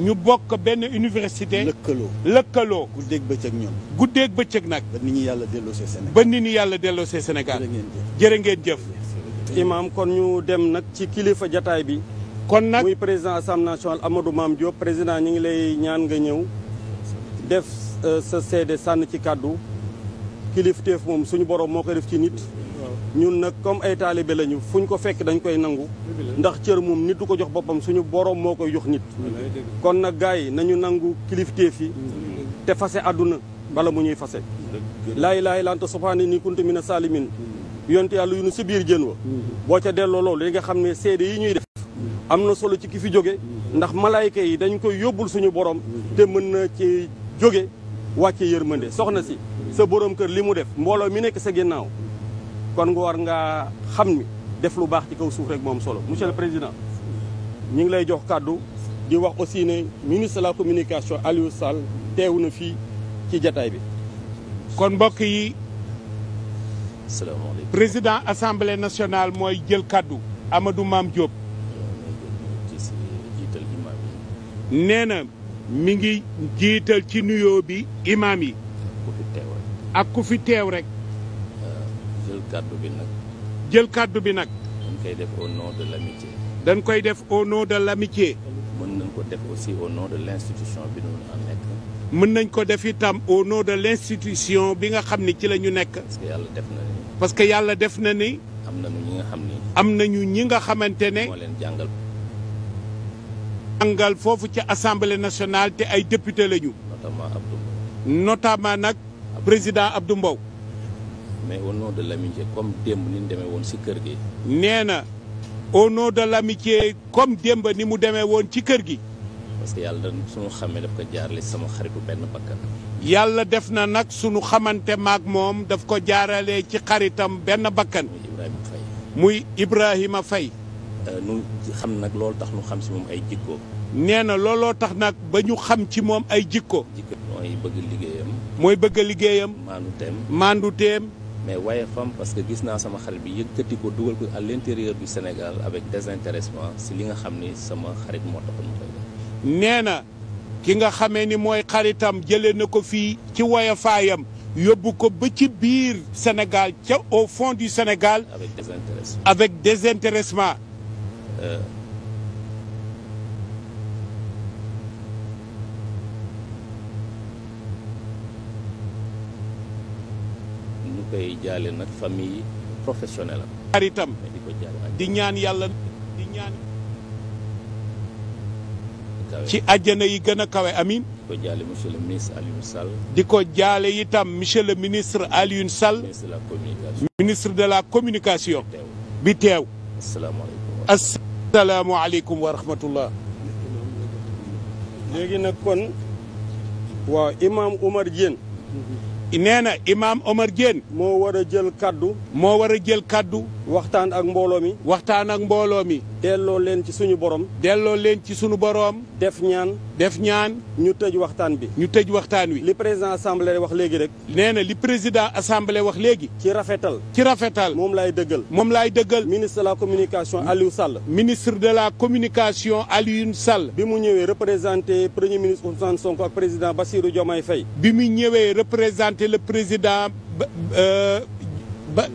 ñu bokk benn université. lëkkaloo lëkkaloo. guddeeg bëccëg ñoom. guddeeg bëccëg nag. ba nit ñi yàlla delloo see Sénégal. ba nit ñi yàlla delloo see Sénégal. jërë ngeen jëf imaam kon ñu dem nag ci kilifa jataay bi. kon nag muy président assemblée nationale Amadou Mame Diop président ñu ngi lay ñaan nga ñëw Euh, sa seede sànn ci kàddu kilifteef moom suñu borom moo koy def ci nit ñun na comme ay taalibe lañu fu ñu ko fekk dañ koy nangu ndax cër moom nit du ko jox boppam suñu borom moo koy jox nit kon nag gars yi nañu nangu kilifteef yi te fase àdduna bala mu ñuy fase laayi laayi lanta subhaani ni kuntu mina saalimin yonte yàlla yu nu si biir jën wa mm-hmm. boo ca delloo loolu li nga xam ne seede yi ñuy def am na solo ci ki fi jóge mm-hmm. ndax malaayka yi dañ koy yóbbul suñu borom mm-hmm. te mën na ci jóge wàcce yërmande soxna si sa borom kër li mu def mbooloo mi nekk sa ginnaaw kon nga war nga xam ni def lu baax ci kaw suuf rek moom solo monsieur président ñu ngi lay jox kàddu di wax aussi ne ministre la communication Aliou sal teew na fii ci jataay bi kon mbokk yi salaamaaleykum président assemblée nationale mooy jël kàddu Amadou Mame Diop nee na mi ngi jiital ci nuyo bi imaam yi. ak ku fi teew rek. Euh, jël kàddu bi nag. jël kàddu bi nag. dañ koy def au nom de l'amitié. dañ koy def au nom de l'amitié. mën nañ ko def aussi au nom de l'institution bi mën nañ ko def itam au nom de l'institution bi nga xam ni ci la ñu nekk. parce yàlla def na ni. parce que yàlla def na ni. am nañu ñi nga xam ni. am nañu ñi nga xamante ne. leen jàngal. jàngal foofu ci assemblée nationale te ay député lañu. notamment nag président Abdou Mbow. mais au nom de l'amitié comme démb ni mu demee woon ci kër gi. nee na au nom de l'amitié comme démb ni mu demee woon ci kër gi. parce que yàlla sunu xamee daf ko jaarale sama xaritu benn bakkan. yàlla def na nag sunu xamante maak moom daf ko jaarale ci xaritam benn bakkan. muy Ibrahima Faye. muy Euh, nu xam nag loolu tax nu xam si moom ay jikko. nee na looloo tax nag ba ñu xam ci moom ay jikko. mooy bëgg liggéeyam. mooy bëgg liggéeyam. maandu teem maandu teem. mais waaye fam parce que gis naa sama xarit bi yëkkati ko dugal ko à l'intérieur du Sénégal avec désintéressement si li nga xam ni sama xarit moo taxoon koy na ki nga xamee ni mooy xaritam jëlee na ko fii ci wayafaayam yóbbu ko ba ci biir Sénégal ca au fond du Sénégal. avec avec désintéressement. ñu koy jaale nag famille professionnelle am. di ñaan yàlla di ci àjjana yi gën a kawe amin di ko jaale monsieur le ministre Alioune Sall. di ko jaale itam monsieur le ministre Alioune Sall. ministre de la communication. ministre de la communication. bi teew. asalaamualeykum wa rahmatullah léegi nag kon waaw imaam Omar Diène mhm. nee na imaam Omar Diène moo war a jël kaddu moo war a jël kaddu waxtaan ak mbooloo mi. waxtaan ak mbooloo mi. delloo leen ci suñu borom. delloo leen ci suñu borom. def ñaan. def ñaan. ñu tëj waxtaan bi. ñu tëj waxtaan wi. li président assemblée wax léegi rek. nee na li président assemblée wax léegi. ci rafetal. ci rafetal. moom laay dëggal. moom laay dëggal. ministre de la communication Aliou Sall. ministre de la communication Aliou Sall. bi mu ñëwee représenté premier ministre Ousmane Sonko ak président Bassirou Diomaye Faye. bi mu ñëwee représenté le président ba euh,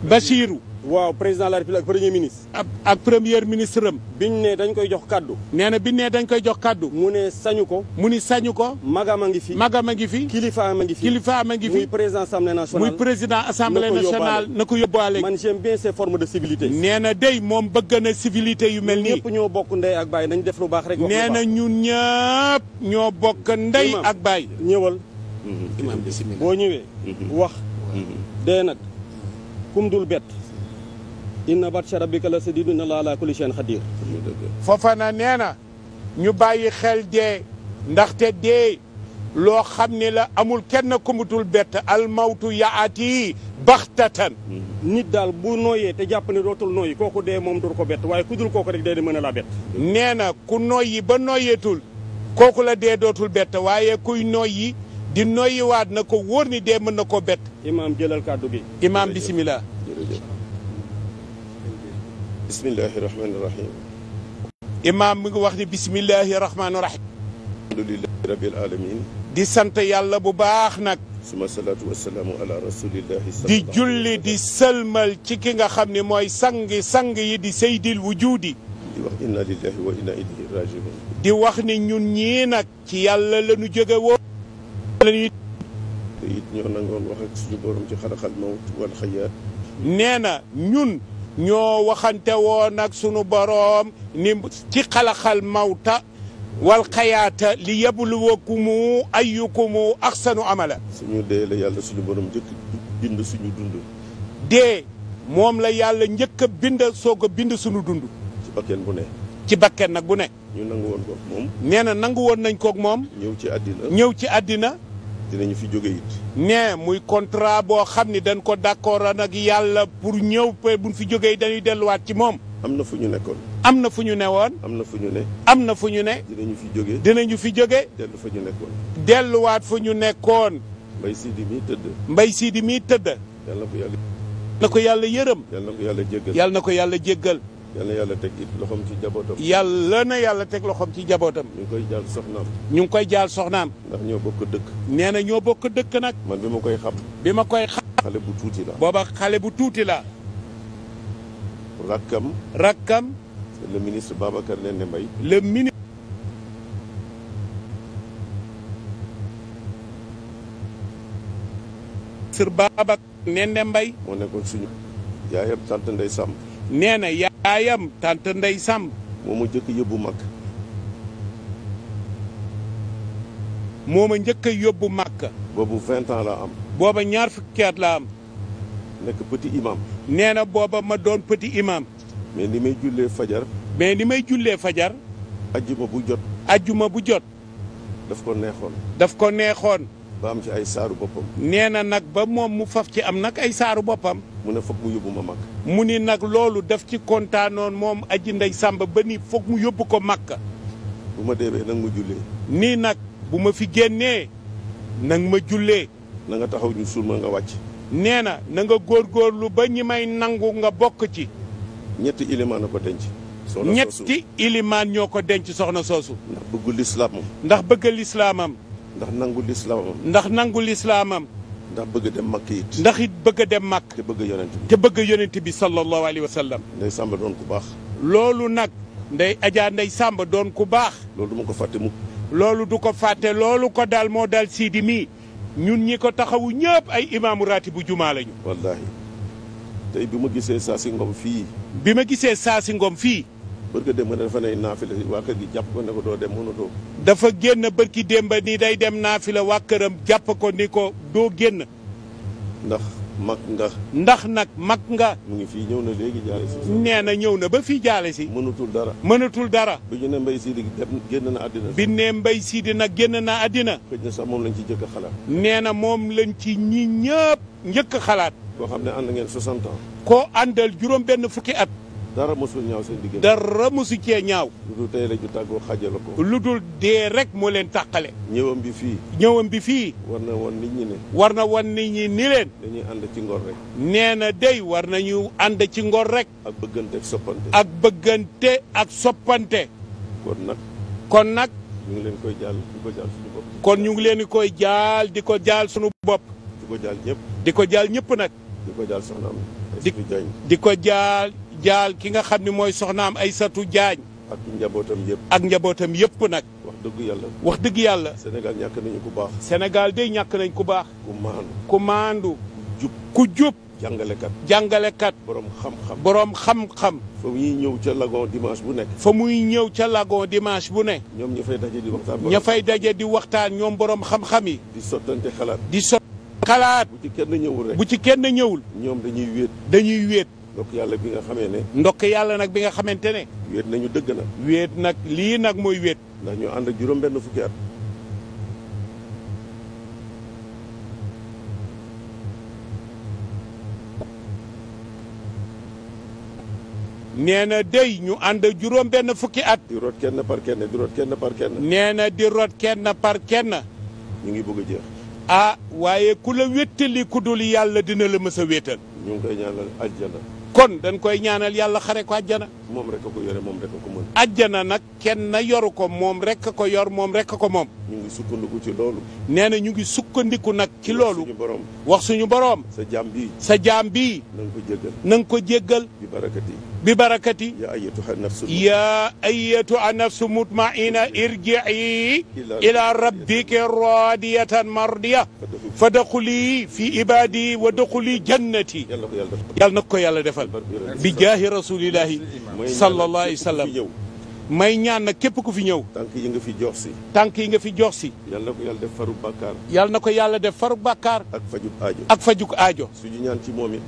Bassirou. waaw président de la république ak premier ministre. ak ak premier ministre am. biñ ne dañ koy jox kaddu. nee na biñ ne dañ koy jox kaddu. mu ne sañu ko. mu ni sañu ko. magam a ngi fi. magam a ngi fi. kilifaam a ngi fi. kilifaam a ngi fi. muy président assemblée nationale. muy président assemblée nationale na ko yóbbaale. man j'aime bien ces formes de civilité. nee na day moom bëgg na civilité yu mel nii. ñëpp ñoo bokk ndey ak baay nañ def lu baax rek. wax nee na ñun ñëpp ñoo bokk ndey ak baay. ñëwal. imaam boo ñëwee. Mhm. wax. Mhm. dee inna batsha rabbika la sadidun inna laa ala kulli shay'in xadir Fofana nee na ñu bàyyi xel dee ndaxte dee loo xam ne la amul kenn kumutul bett almawtu yaati baxtatan nit daal bu nooyee te jàpp ne dootul nooyi kooku dee moom dur ko bett waaye ku dul kooku rek dee di mën na la bett nee na ku nooyi ba nooyeetul kooku la dee dootul bett waaye kuy nooyi di nooyiwaat na ko wóor ni dee mën na koo bett imaam jëlal kàddu gi imaam bisimillah bismillahi rahmaani rahim. imaam mi ngi wax ni bismillahi rahmaani rahim. di sant yàlla bu baax nag. suma salaatu wa salaamu ala rasulillahi. di julli di sëlmal ci ki nga xam ne mooy sangi sang yi di seydil wujuudi. di lillahi wa inna ilayhi rajiun. di wax ni ñun ñii nag ci yàlla la ñu jóge woo. te ci xalaqal mawt wal xayaat. nee ñun. ñoo waxante woon ak sunu boroom ni ci xalaxal mawta wal li yabluwakumu ayyukumu axsanu amala. suñu dee la yàlla suñu boroom njëkk bind suñu dund. dee moom la yàlla njëkk a bind soog a bind suñu dund. ci bakken bu ne. ci bakken nag bu ne. ñu nangu woon koog moom. nee nangu woon nañ koog moom. ñëw ci àddina ñëw ci àddina. dinañu fi jóge it. ne muy contrat boo xam ni dan ko d'accord nag yàlla pour ñëw pe buñ fi jógee dañuy delluwaat ci moom. am na fu ñu nekkoon. am na fu ñu newoon. am na fu ñu ne. am na fu ñu ne. dinañu fi jóge. ñu fi jóge. dellu fa ñu nekkoon. delluwaat fu ñu nekkoon. mbay siidi mii mbay siidi mii tëdd. yàlla na ko yàlla. yërëm. yàlla yàlla jéggal. yàlla na ko yàlla jéggal. yal yàlla teg loxoom ci jabootam. yàlla na yàlla teg loxoom ci jabootam. ñu ngi koy jaal soxnaam. ñu ngi koy jaal soxnaam. ndax ñoo bokk dëkk. nee na ñoo bokk dëkk nag. man bi ma koy xam. bi ma koy xam. xale bu tuuti la. booba xale bu tuuti la. rakkam. rakkam. le ministre Babacar Nende mbay le ministre. Babacar Nende Mbaye. moo nekkoon suñu. yaayam sant Ndeye Samb. nee na yaayam tante Ndey Samb moo ma yóbbu mag moo ma njëkk yóbbu makk boobu vingt la am booba ñaar fukki la am nekk petit imam nee na booba ma doon petit imam mais ni may jullee fajar mais ni may jullee fajar ajjuma bu jot ajjuma bu jot daf ko neexoon daf ko neexoon ba am ci ay saaru boppam. nee na nag ba moom mu faf ci am nag ay saaru boppam. mu ne foog mu yóbbu ma Makka. mu ni nag loolu def ci kontaanoon moom aji ndey Samba ba ni foog mu yóbbu ko Makka. bu ma deewee nag ma jullee. nii nag bu ma fi génnee nag ma jullee. na nga taxaw ñu suul ma nga wàcc. nee na na nga góorgóorlu ba ñi may nangu nga bokk ci. ñetti ilimaan na ko denc. soxna soosu ñetti ilimaan ñoo ko denc soxna soosu. ndax bëggu lislaamam. ndax bëgg lislaamam. ndax nangu lislaamam ndax nangu lislaamam ndax bëgg dem màkk it ndax it bëgg dem màkk te bëgg yonent bi te bëgg yonent bi sallallahu alayhi wa sallam nday sàmba doon ku baax loolu nag nday ajaa nday sàmba doon ku baax loolu du ma ko fàtte mukk loolu du ko fàtte loolu ko daal moo daal siidi mii ñun ñi ko taxawu ñëpp ay imaamu raati bu jumaa lañu wallaahi tey bi ma gisee saa si ngom fii bi ma gisee saa si ngom fii bërki démb na dafa ne naafila waa kër gi jàpp ko ne ko doo dem mënatoo dafa génn bërki démb ni day dem naafila waa këram jàpp ko ni ko doo génn ndax mag nga ndax nag mag nga mu ngi fii ñëw na léegi jaale nee na ñëw na ba fii jaale si mënatul dara mënatul dara bi ñu ne mbay siidi dem génn na àddina bi ne mbay siidi nag génn na àddina xëj na sax moom lañ ci jëkk a xalaat nee na moom lañ ci ñi ñëpp njëkk xalaat koo xam ne ànd ngeen 60 ans koo àndal juróom fukki at dara mosul ñaaw seen diggante. dara mosu cee ñaaw. lu dul tey rek ñu tàggoo xaajale ko. lu dul dee rek moo leen tàqale. ñëwam bi fii. ñëwam bi fii. war na wan nit ñi ne. war na wan nit ñi ni dañuy ànd ci ngor rek. nee na day war nañu ànd ci ngor rek. ak bëggante ak soppante. ak bëggante ak soppante. kon nag. kon nag. ñu ngi leen koy jaal di ko jaal suñu bopp. kon ñu ngi leen di koy jaal di ko jaal suñu bopp. di ko jaal ñëpp. di ko jaal ñëpp nag. di ko jaal soxnaam. di ko jaal. jaal ki nga xam ne mooy soxnaam Aysatu Jaañ ak njabootam yëpp. ak njabootam yëpp nag. wax dëgg yàlla. wax dëgg yàlla. Sénégal ñàkk nañu ku baax. Sénégal day ñàkk nañ ku baax. ku maandu. ku maandu. jàngalekat jàngalekat. borom xam-xam borom xam-xam. fa muy ñëw ca lagon dimance bu nekk. fa muy ñëw ca lagon dimance bu ne ñoom ña fay daje di waxtaan. ña fay daje di waxtaan ñoom borom xam-xam yi. di sottante xalaat. di sottante xalaat. bu ci ñëwul rek bu ci kenn ñëwul. ñoom dañuy wéet. dañuy wéet. ndokk yàlla bi nga xamee ne. ndokk yàlla nag bi nga xamante ne. wéet nañu dëgg nag. wéet nag lii nag mooy wéet. ndax ñu ànd ak juróom-benn fukki at. nee na dey ñu ànd juróom fukki at. di root kenn par kenn di root kenn par kenn. nee na di root kenn par kenn. ñu ngi bëgg a jeex. ah waaye ku la wéttali ku dul yàlla dina la mës a wéetal. ñu ngi koy ñaanal aljana. kon dañ koy ñaanal yàlla xare ko àjjana. moom rek a ko yore moom rek a ko mën. àjjana nag kenn yoru ko moom rek a ko yor moom rek a ko moom. ñu ngi sukkandiku ci loolu. nee na ñu ngi sukkandiku nag ci loolu. wax suñu borom. sa jaam bi sa jaam bi na ko jéggal. na ko jéggal. bi barakati. bi barakati yaa ayyatuha nafsu mutmaina irjii ila rabbiki radiyatan mardiya fa daxuli fi ibadi wa daxuli jannati yàlla na ko yàlla defal bi jaahi rasulillahi sallallahu alayhi wa sallam may ñaan nag képp ku fi ñëw tànk yi nga fi jox si tànk yi nga fi jox si yàlla na ko yàlla def faru bàkkaar yàlla na ko yàlla def faru bàkkaar ak fajuk aajo ak fajuk aajo suñu ñaan ci moom it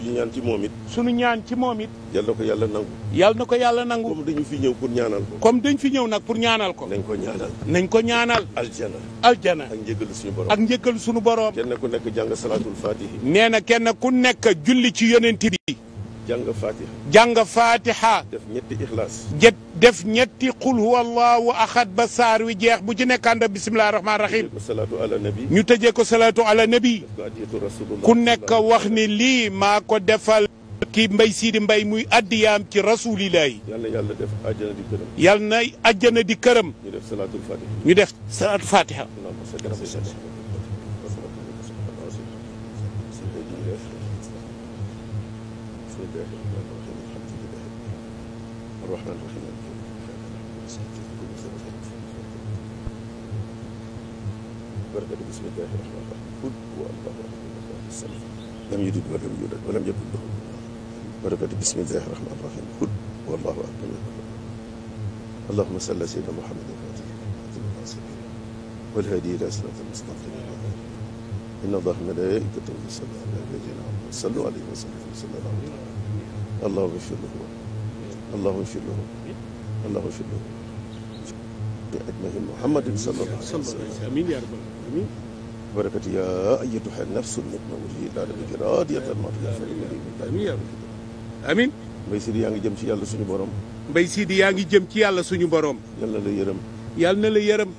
suñu ñaan ci moom it suñu ñaan ci moom it yal na ko yàlla nangu yal na ko yàlla nangu comme fi ñëw pour ñaanal comme dañ fi ñëw nag pour ñaanal ko nañ ko ñaanal nañ ko ñaanal aljana aljana ak njëgalu suñu borom ak njëgalu suñu borom kenn ku nekk jàng salaatul fatihi nee na kenn ku nekk julli ci yonent bi jàng faatiha. jàng faatiha. def ñetti ixlaas. def ñetti qul huwa allahu ahad ba saar wi jeex bu ci nekkaan ak bisimilah rahmaani ñu tëjee ko salaatu ala nabi. ku nekk wax ni lii maa ko defal. kii mbay siidi mbay muy addiyaam ci rasulillahi. yal na di këram. ñu def salaatul faatiha. الرحمن الرحيم بركة بسم الله الرحمن الرحيم قل هو الله أحد الله الصمد لم يلد ولم يولد ولم يكن له بركة بسم الله الرحمن الرحيم قل هو الله أحد اللهم صل على سيدنا محمد الفاتح والهادي إلى صراط المستقيم إن الله ملائكته يصلون على النبي صلوا عليه وسلم صلى الله عليه وسلم اللهم اغفر له allahu shidduhu allahu shidduhu ajmahin muhammadin sallallahu alayhi wa sallam amin ya rabbal alamin بركة يا أيتها النفس المطمئنة إلى ربك راضية مرضية آمين يا رب amiin mbay siidi yaa ngi jëm ci yàlla suñu borom mbay siidi yaa ngi jëm ci yàlla suñu borom yàlla na la yërëm yàlla na la yërëm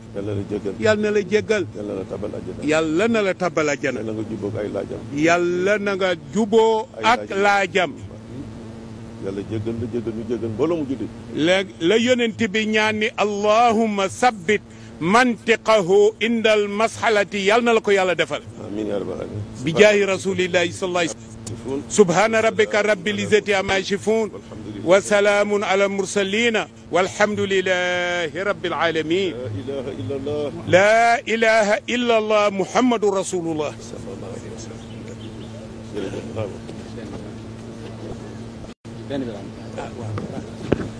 yàlla na la jéggal yàlla na la jéggal yàlla na la tabal ajjana yàlla na la tabal ajjana yàlla na nga juboo ak ay laajam yàlla na nga juboo ak laajam yàlla jégal la jégal ñu jégal mbooloo mu jullit léegi la yonent bi ñaan ko yàlla defal amiin yaa rabbal aalamiin bi jaahi rasulillahi sallallahu alayhi wasallam subhaana rabbika wa salaamun ala mursalina walhamdulilahi rabbil alamin laa ilaha illa allah benn bi la ah waaw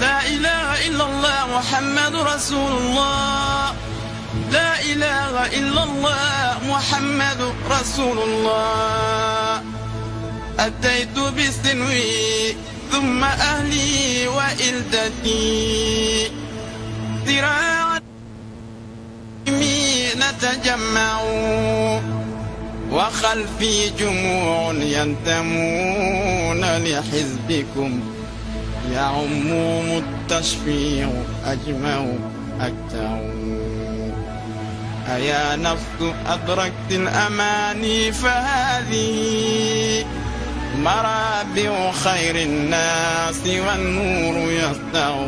لا إله إلا الله محمد رسول الله لا إله إلا الله محمد رسول الله أتيت بسنوي ثم أهلي وإلدتي ذراعا نتجمع وخلفي جموع ينتمون لحزبكم يعمهم التشفيع أجمع أكثر أيا نفس أدركت الأماني فهذه مرابع خير الناس والنور يسطع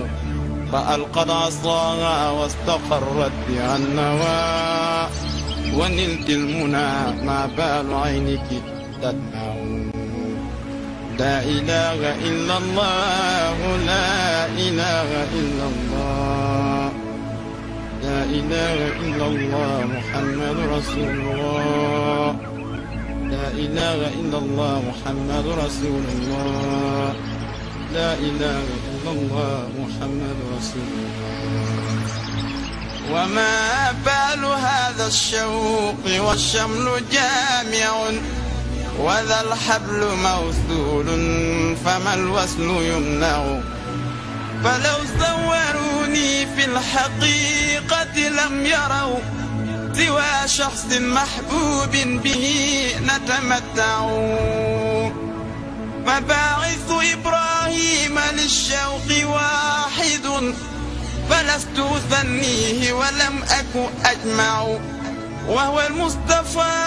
فألقت عصاها واستقرت بها النوى ونلت المنى ما بال عينك تدمع لا إله إلا الله لا إله إلا الله لا إله إلا الله محمد رسول الله لا إله إلا الله محمد رسول الله لا إله إلا الله محمد رسول الله وما بال هذا الشوق والشمل جامع وذا الحبل موصول فما الوصل يمنع فلو صوروني في الحقيقة لم يروا سوى شخص محبوب به نتمتع مباعث إبراهيم للشوق واحد فلست أثنيه ولم أك أجمع وهو المصطفى